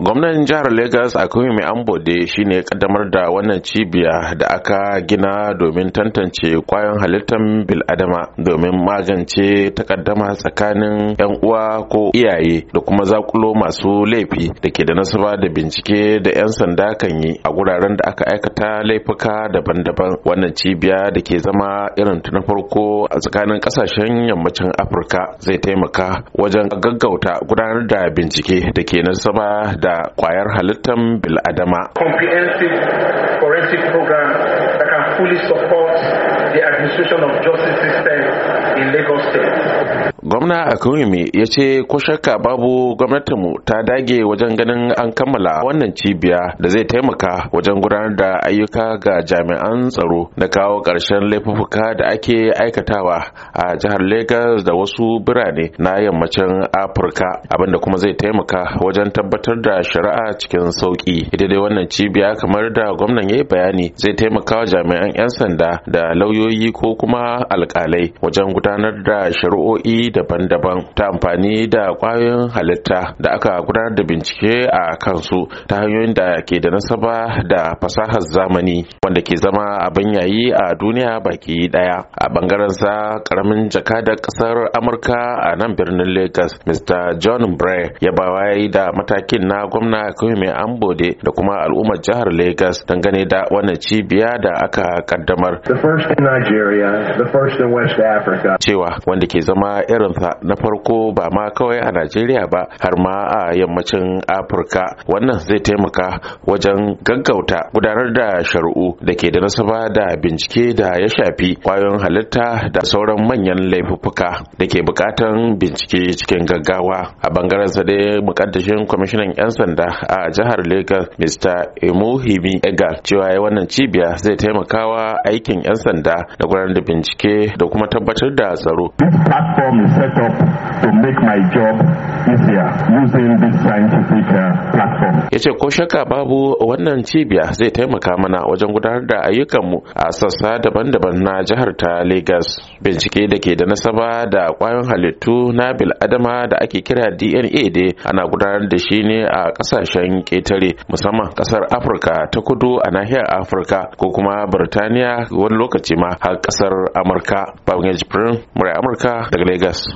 gwamnan jihar lagos a akwai ambode shine kaddamar da wannan cibiya da aka gina domin tantance kwayon halittar biladama domin magance takaddama tsakanin yan uwa ko iyaye da kuma zakulo masu laifi da ke da nasaba da bincike da yan sanda kan yi a guraren da aka aikata laifuka daban-daban wannan cibiya da ke zama irin na farko a tsakanin kasashen yammacin afirka zai taimaka wajen gaggauta gudanar da bincike da ke nasaba da da kwayar halittar bil'adama. Comprehensive forensic program that can fully support the administration of justice system in Lagos State. a Akuyumi ya ce ko shakka babu gwamnatinmu ta dage wajen ganin an kammala wannan cibiya da zai taimaka wajen gudanar da ayyuka ga jami'an tsaro da kawo ƙarshen laifuka da ake aikatawa a jihar Legas da wasu birane na yammacin Afirka abinda kuma zai taimaka wajen tabbatar da shari'a cikin sauƙi. Ita dai wannan cibiya kamar da gwamnan ya yi bayani zai taimaka wa jami'an 'yan sanda da lauyoyi ko kuma alƙalai wajen gudanar da shari'o'i daban daban-daban ta amfani da kwayoyin halitta da aka gudanar da bincike a kansu ta hanyoyin da ke da nasaba da fasahar zamani wanda ke zama abin yayi a duniya baki daya a bangaren sa karamin jakadar kasar amurka a nan birnin lagos mr john bray ya bawaye da matakin na gwamna mai ambode da kuma al'ummar jihar lagos dangane da wannan cibiya da aka kaddamar cewa wanda ke zama irin sa. na farko ba ma kawai a najeriya ba har ma a yammacin afirka wannan zai taimaka wajen gaggauta gudanar da shari'u da ke da nasaba da bincike da ya shafi kwayoyin halitta da sauran manyan laifuffuka da ke bukatan bincike cikin gaggawa a bangaren sa dai mukaddashin kwamishinan 'yan sanda a jihar lagos mr emuhimi Ega, cewa ya wannan cibiya zai taimakawa aikin 'yan sanda da gudanar da bincike da kuma tabbatar da tsaro set up to make my job easier using this scientific uh, platform. Ya ce ko shakka babu wannan cibiya zai taimaka mana wajen gudanar da ayyukanmu a sassa daban-daban na jihar ta Legas, Bincike da ke da nasaba da kwayoyin halittu na bil adama da ake kira DNA dai ana gudanar da shi ne a kasashen ƙetare musamman kasar Afirka ta kudu a nahiyar Afirka ko kuma Birtaniya wani lokaci ma har kasar Amurka. Babangare Jibrin, Murai Amurka daga Legas.